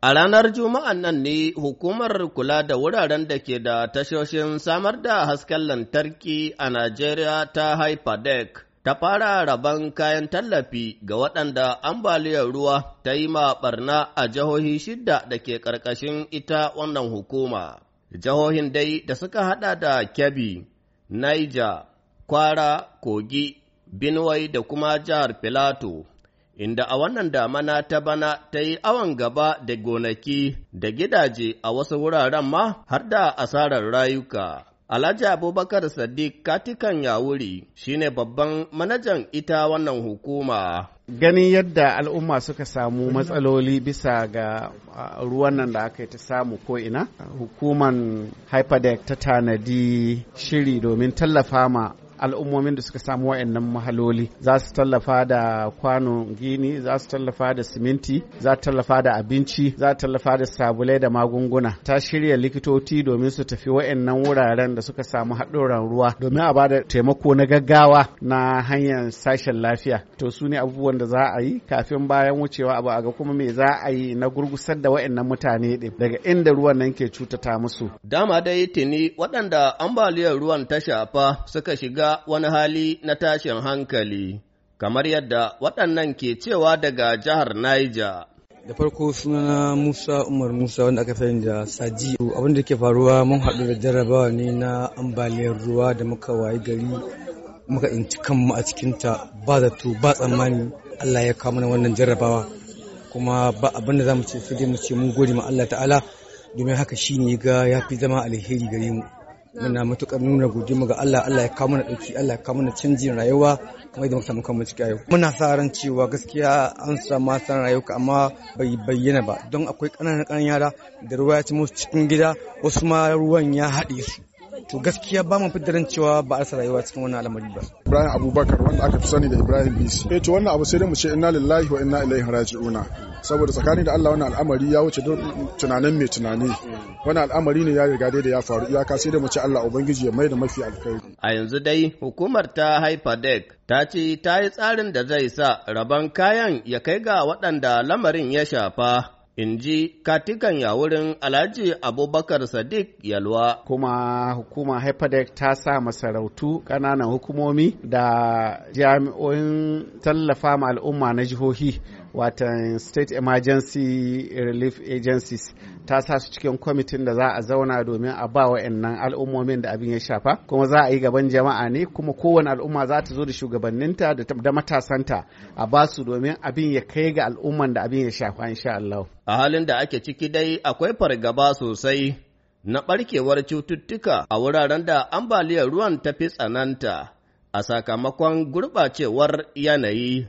A ranar Juma'an nan ne hukumar kula da wuraren da ke da tashoshin samar da hasken lantarki a Najeriya ta Hyperdeck ta fara rabon kayan tallafi ga waɗanda ambaliyar ruwa ta yi ma ɓarna a jihohi shidda da ke ƙarƙashin ita wannan hukuma. Jihohin dai da suka haɗa da Kebbi, Niger, Kwara, Kogi, Benue da kuma jihar Filato. inda a wannan damana ta bana ta yi awon gaba da gonaki da gidaje a wasu wuraren ma har da asarar rayuka. Alhaji Abubakar Sadiq Katikan Yawuri shine babban manajan ita wannan hukuma. Ganin yadda al'umma suka samu matsaloli bisa ga ruwan nan da aka yi ta samu ko ina, hukuman Hyperdeck ta tanadi shiri domin tallafa ma al'ummomin da suka samu wayannan mahaloli za su tallafa da kwanon gini za su tallafa da siminti za su tallafa da abinci za su tallafa da sabulai da magunguna ta shirya likitoci domin su tafi waannan wuraren da suka samu haɗuran ruwa domin a bada taimako na gaggawa na hanyar sashen lafiya to su ne abubuwan da za a yi kafin bayan wucewa abu a ga kuma me za a yi na gurgusar da wayannan mutane din daga inda ruwan nan ke cutata musu dama dai tuni waɗanda ambaliyar ruwan ta shafa suka shiga A wani hali na tashin hankali, kamar yadda waɗannan ke cewa daga jihar Niger. da farko sunana musa umar musa wanda aka sani da saji abin da ke faruwa mun haɗu da jarrabawa ne na ambaliyar ruwa da muka wayi gari muka inci kanmu a cikinta ba zato ba tsammani allah ya kawo mana wannan jarrabawa kuma ba abin da za mu ce sai dai mu ce mun gode ma allah ta'ala domin haka shi ne ga ya fi zama alheri gare mu muna matukar nuna mu ga Allah Allah ya kawo mana dauki Allah ya kawo mana canjin rayuwa kuma idan muka kama ciki yau muna sa ran cewa gaskiya an samu san rayuka amma bai bayyana ba don akwai ƙananan ƙananan yara da ruwa ya ci musu cikin gida wasu ma ruwan ya haɗe su to gaskiya ba mu fitarin cewa ba a rayuwa cikin wannan al'amari ba Ibrahim Abubakar wanda aka fi sani da Ibrahim Bisi eh to wannan abu sai dai mu ce inna lillahi wa inna ilaihi raji'una saboda tsakanin da Allah wannan al'amari ya wuce tunanin mai tunani wannan al'amari ne ya riga dai da ya faru iyaka sai dai mu ce Allah ubangiji ya maida mafi alkhairi a yanzu dai hukumar ta Hyperdeck ta ce ta yi tsarin da zai sa rabon kayan ya kai ga waɗanda lamarin ya shafa in ji katikan wurin Alhaji Abubakar Sadiq Yalwa. Kuma hukuma HEPADEC ta sa masarautu ƙananan hukumomi da jami'o'in tallafa ma al'umma na jihohi watan state emergency relief agencies ta sa su cikin kwamitin da za a zauna domin a ba wa'annan al'ummomin da abin ya shafa kuma za a yi gaban jama'a ne kuma kowane al'umma za ta zo da shugabanninta da matasanta a ba su domin abin ya kai ga al'umman da abin ya shafa insha Allah. A halin da ake ciki dai akwai fargaba sosai na barkewar cututtuka a wuraren da ambaliyar ruwan ta fi tsananta a sakamakon gurɓacewar yanayi